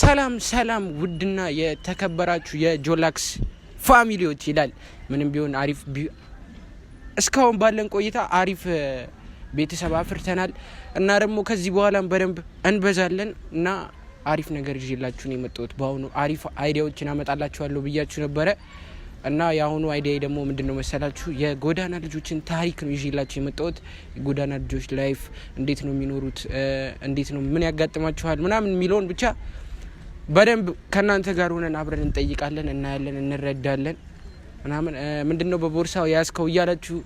ሰላም ሰላም፣ ውድና የተከበራችሁ የጆላክስ ፋሚሊዎች ይላል። ምንም ቢሆን አሪፍ እስካሁን ባለን ቆይታ አሪፍ ቤተሰብ አፍርተናል እና ደግሞ ከዚህ በኋላም በደንብ እንበዛለን እና አሪፍ ነገር ይዤላችሁ ነው የመጣሁት። በአሁኑ አሪፍ አይዲያዎችን አመጣላችኋለሁ ብያችሁ ነበረ እና የአሁኑ አይዲያ ደግሞ ምንድን ነው መሰላችሁ? የጎዳና ልጆችን ታሪክ ነው ይዤላችሁ የመጣሁት። የጎዳና ልጆች ላይፍ እንዴት ነው የሚኖሩት፣ እንዴት ነው ምን ያጋጥማችኋል ምናምን የሚለውን ብቻ በደንብ ከእናንተ ጋር ሆነን አብረን እንጠይቃለን፣ እናያለን፣ እንረዳለን ምናምን ምንድነው በቦርሳው የያዝከው እያላችሁ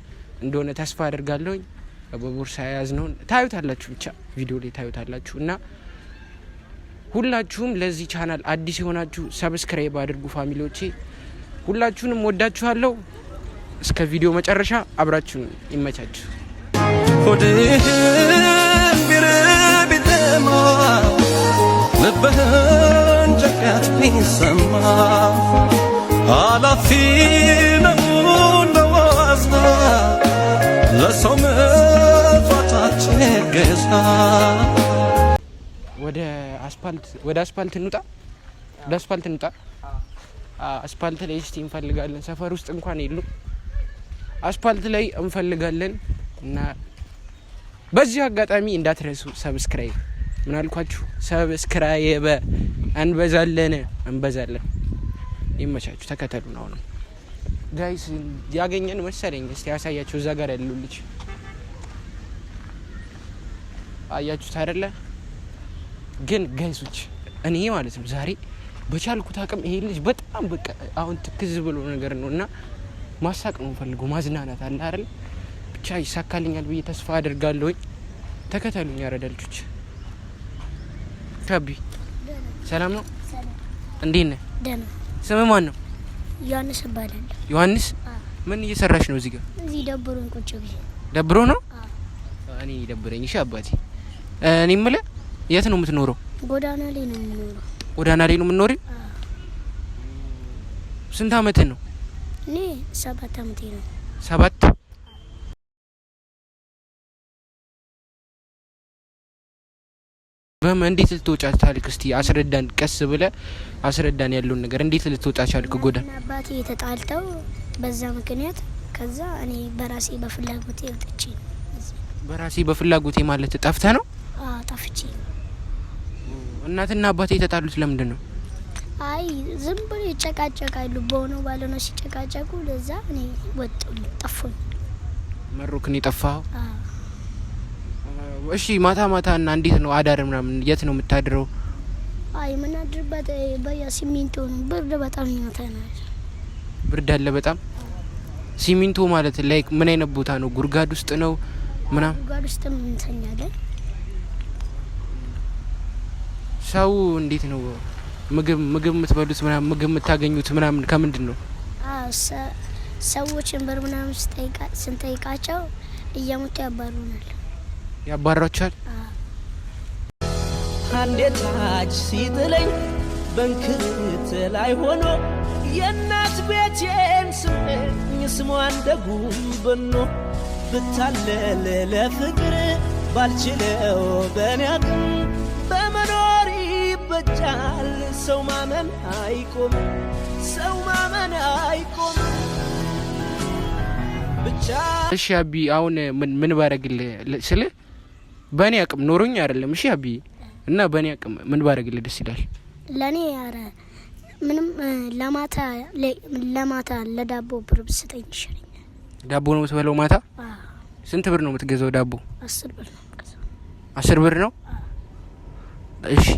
እንደሆነ ተስፋ አደርጋለሁኝ። በቦርሳ የያዝነውን ታዩታላችሁ፣ ብቻ ቪዲዮ ላይ ታዩታላችሁ። እና ሁላችሁም ለዚህ ቻናል አዲስ የሆናችሁ ሰብስክራይብ አድርጉ ፋሚሊዎቼ። ሁላችሁንም ወዳችኋለሁ። እስከ ቪዲዮ መጨረሻ አብራችሁን ይመቻችሁ። ሆድህን ቢርብ ይጠማ ጩኸት ቢሰማ ኃላፊ ነው ለዋዛ ለሰው መፋታችን ገዛ ወደ አስፓልት ወደ አስፓልት እንውጣ፣ ወደ አስፓልት እንውጣ። አስፓልት ላይ እስቲ እንፈልጋለን። ሰፈር ውስጥ እንኳን የሉም። አስፓልት ላይ እንፈልጋለን እና በዚህ አጋጣሚ እንዳትረሱ ሰብስክራይብ ምን አልኳችሁ? ሰብስክራይብ እንበዛለን እንበዛለን። ይመቻችሁ፣ ነው ነው ጋይስ ያገኘን መሰለኝ። እስቲ ያሳያችሁ። እዛ ጋር ያለው ልጅ አያችሁ አይደለ? ግን ጋይሶች እኔ ማለት ነው ዛሬ በቻልኩት አቅም ይሄ ልጅ በጣም በቃ አሁን ትክዝ ብሎ ነገር ነው እና ማሳቅ ነው ፈልጎ ማዝናናት አለ አይደል? ብቻ ይሳካልኛል ብዬ ተስፋ አድርጋለሁኝ። ተከተሉኝ ያረዳልችች ሻቢ ሰላም ነው? እንዴት ነህ? ስም ማን ነው? ዮሐንስ እባላለሁ። ዮሐንስ ምን እየሰራሽ ነው እዚህ ጋር? እዚህ ደብሮኝ ቁጭ ብዬ። ደብሮ ነው? እኔ ደብረኝ። እሺ አባቴ፣ እኔ የምልህ የት ነው የምትኖረው? ጎዳና ላይ ነው የምኖረው። ጎዳና ላይ ነው የምትኖሪው? ስንት አመትህ ነው? እኔ ሰባት አመቴ ነው። ሰባት በም እንዴት ልትወጫ ቻልክ? እስቲ አስረዳን፣ ቀስ ብለ አስረዳን ያለውን ነገር እንዴት ልትወጫ ቻልክ? ጎዳ አባቴ የተጣልተው በዛ ምክንያት ከዛ እኔ በራሴ በፍላጎቴ ወጥቼ በራሴ በፍላጎቴ ማለት ጠፍተህ ነው? አዎ ጠፍቼ። እናትና አባቴ የተጣሉት ለምንድን ነው? አይ ዝም ብሎ ይጨቃጨቃሉ፣ በሆነው ባልሆነው ሲጨቃጨቁ ለዛ እኔ ወጣሁ፣ ጠፋሁ። መሮክ ነው አዎ እሺ ማታ ማታ እና እንዴት ነው አዳር ምናምን የት ነው የምታድረው? አይ የምናድርበት በያ ሲሚንቶ ነው። ብርድ በጣም ይመታናል። ብርድ አለ በጣም ሲሚንቶ ማለት ላይክ ምን አይነት ቦታ ነው? ጉድጓድ ውስጥ ነው ምናምን? ጉድጓድ ውስጥ እንተኛለን። ሰው እንዴት ነው ምግብ ምግብ የምትበሉት ምናምን ምግብ የምታገኙት ምናምን ከምንድን ነው? ሰዎችን በር ምናምን ስንጠይቃቸው እየሞቱ ያባሩናል። ያባራችኋል። አንዴ ታች ሲጥለኝ በንክት ላይ ሆኖ የእናት ቤቴን ስመኝ ስሟ እንደ በኖ ብታለል ለፍቅር ባልችለው በኔ አቅም በመኖር ይበጃል። ሰው ማመን አይቆም፣ ሰው ማመን አይቆም። ብቻ እሺ አቢ አሁን ምን ባረግል ባረግልህ ስልህ በእኔ አቅም ኖሮኝ አይደለም። እሺ አቢ እና በእኔ አቅም ምን ባደረግልህ ደስ ይላል? ለእኔ ያረ ምንም ለማታ ለማታ ለዳቦ ብር ብስጠኝ ይሻለኛል። ዳቦ ነው የምትበለው ማታ? ስንት ብር ነው የምትገዛው ዳቦ? አስር ብር ነው አስር ብር ነው? እሺ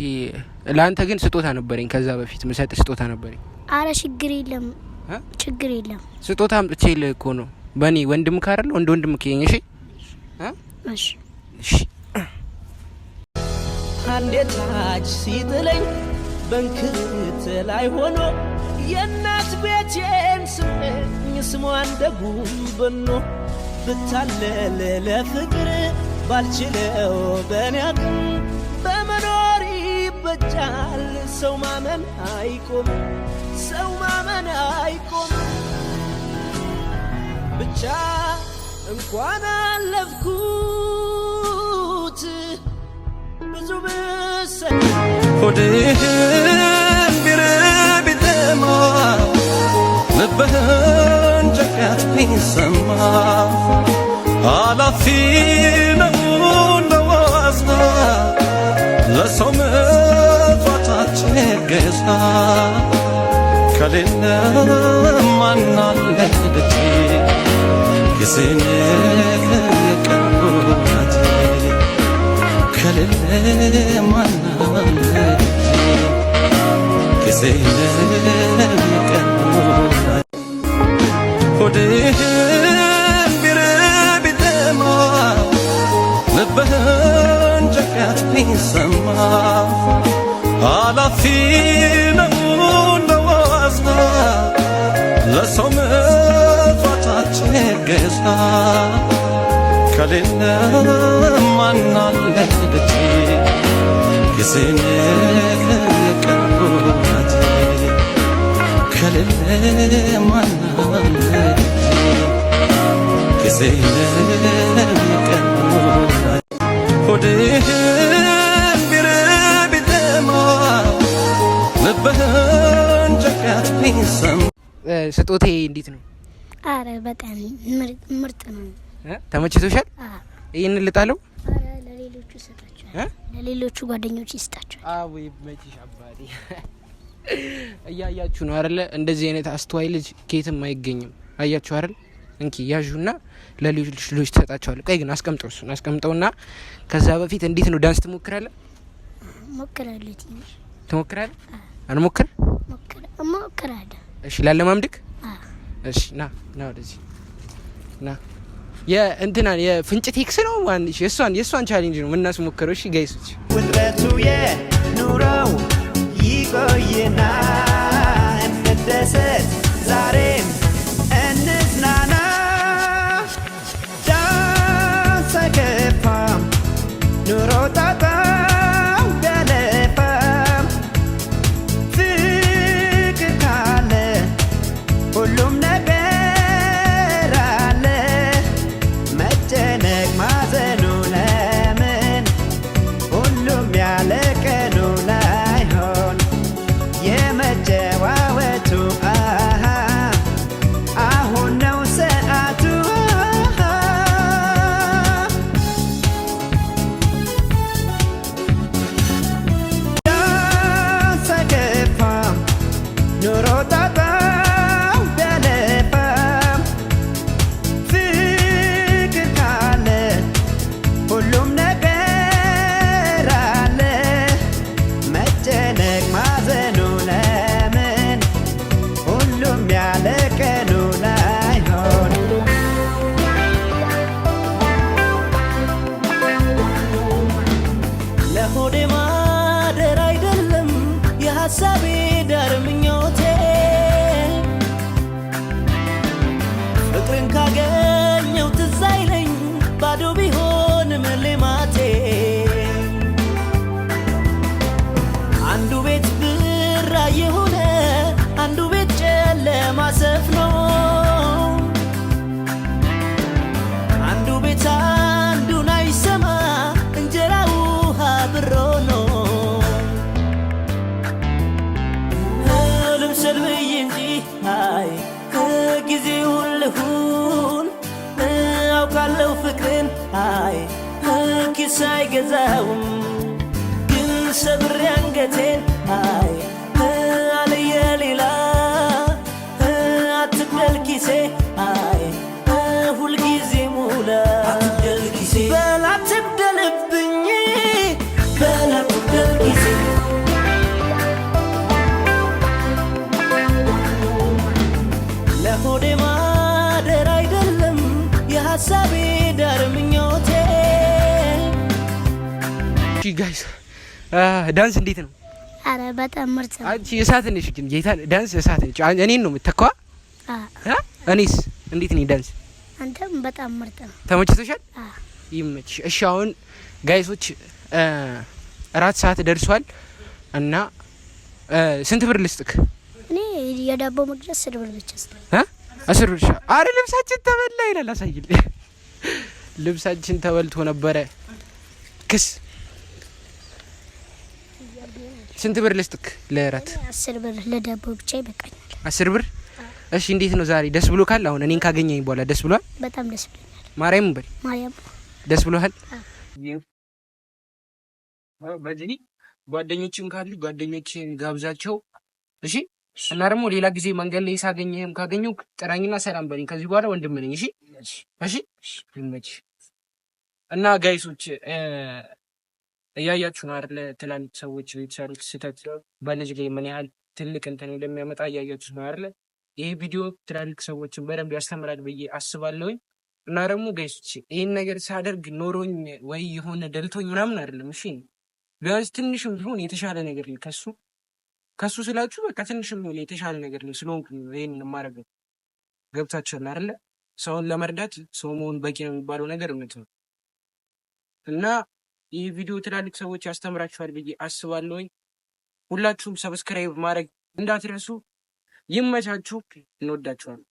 ለአንተ ግን ስጦታ ነበረኝ። ከዛ በፊት ምሰጥ ስጦታ ነበረኝ። አረ ችግር የለም ችግር የለም። ስጦታ አምጥቼ ልህ እኮ ነው። በእኔ ወንድም ካረለ ወንድ ወንድም ከኝ። እሺ እሺ እሺ አንዴ ሲጥለኝ በንክት ላይ ሆኖ የእናት ቤቴን ስመኝ ስሟን እንደ በኖ ብታለል ለፍቅር ባልችለው በኔ አቅም በመኖር ይበጃል። ሰው ማመን አይቆም፣ ሰው ማመን አይቆም። ብቻ እንኳን አለፍኩ ሆድህን ቢርብ ቢጠማ ልብህን ጨካት ቢሰማ ኃላፊ ነው ለዋዛ ለሰው መቷታችን ገዛ ከሌለ ማናለ ልጅ ጊዜን ከልለ ጊዜ ሆድህን ቢርብ ቢጠማ ልብህን ጨካት ለሰው መፋታት ገዛ ከሌለ ራሴን ቀባት ከሌለ ማናም ጊዜን ቀባት ሆድህን ቢርብ ቢጠማ ልብህን ጨካት ሚሰማ ስጦቴ እንዴት ነው? አረ በጣም ምርጥ ነው። ተመችቶሻል? ይህንን ልጣለው ለሌሎቹ ለሌሎቹ ጓደኞች ይስጣቸው። አዎ ይመችሽ አባቴ። እያያችሁ ነው አይደለ? እንደዚህ አይነት አስተዋይ ልጅ ኬትም አይገኝም። አያችሁ አይደል? እንኪ ያዡና ለሌሎች ልጆች ትሰጣቸዋለህ። ቆይ ግን አስቀምጠው፣ እሱን አስቀምጠውና ከዛ በፊት እንዴት ነው ዳንስ ትሞክራለህ? ሞክራለሁ። ትንሽ ትሞክራለህ? አንሞክር ሞክራለሁ። እሺ ላለማምድክ። እሺ ና ና ወደዚህ ና የእንትና የፍንጭ ቴክስ ነው የእሷን የእሷን ቻሌንጅ ነው የምናስሞክረው። እሺ ጋይሶች ውጥረቱ የኑረው ይቆይና እንደሰት ዛሬ देखा गया ሀሳቤ ዳር ምኞቴ። ጋይስ ዳንስ እንዴት ነው? አረ በጣም ምርጥ ነው። አንቺ እሳት ነሽ ግን ጌታ ዳንስ እሳት ነሽ። እኔን ነው የምትተካዋ? እኔስ እንዴት ነው ዳንስ? አንተም በጣም ምርጥ ነው። ተመችቶሻል? አዎ። እሺ አሁን ጋይሶች እራት ሰዓት ደርሷል እና ስንት ብር ልስጥክ? እኔ የዳቦ መግዣት ስድብር ብቻ ስጥ አስር ብር አረ ልብሳችን ተበላ ይላል። አሳይል ልብሳችን ተበልቶ ነበረ። ክስ ስንት ብር ልስጥክ ለእራት? አስር ብር ለዳቦ ብቻ ይበቃኛል። አስር ብር እሺ። እንዴት ነው ዛሬ ደስ ብሎ ካል? አሁን እኔን ካገኘኝ በኋላ ደስ ብሏል? በጣም ደስ ብሎኛል። ማርያም በል ማርያም። ደስ ብሎሃል? በዚህ ጓደኞችን ካሉ ጓደኞችን ጋብዛቸው እሺ። እና ደግሞ ሌላ ጊዜ መንገድ ላይ ሳገኘህም ካገኘው ጥራኝና ሰላም በለኝ። ከዚህ በኋላ ወንድም ነኝ። እሺ፣ እሺ፣ እና ጋይሶች እያያችሁ ነው አይደለ? ትላንት ሰዎች የተሰሩት ስህተት በልጅ ላይ ምን ያህል ትልቅ እንትን እንደሚያመጣ እያያችሁ ነው አይደለ? ይህ ቪዲዮ ትላልቅ ሰዎችን በደንብ ያስተምራል ብዬ አስባለሁኝ። እና ደግሞ ጋይሶች ይህን ነገር ሳደርግ ኖሮኝ ወይ የሆነ ደልቶኝ ምናምን አይደለም። እሺ ቢያንስ ትንሽም ቢሆን የተሻለ ነገር ከሱ ከሱ ስላችሁ በቃ ትንሽም የተሻለ ነገር ነው ስለሆንኩ ይህን የማደርገው ገብታችኋል አይደለ? ሰውን ለመርዳት ሰው መሆን በቂ ነው የሚባለው ነገር እውነት ነው እና ይህ ቪዲዮ ትላልቅ ሰዎች ያስተምራችኋል ብዬ አስባለሁኝ። ሁላችሁም ሰብስክራይብ ማድረግ እንዳትረሱ። ይመቻችሁ። እንወዳችኋል።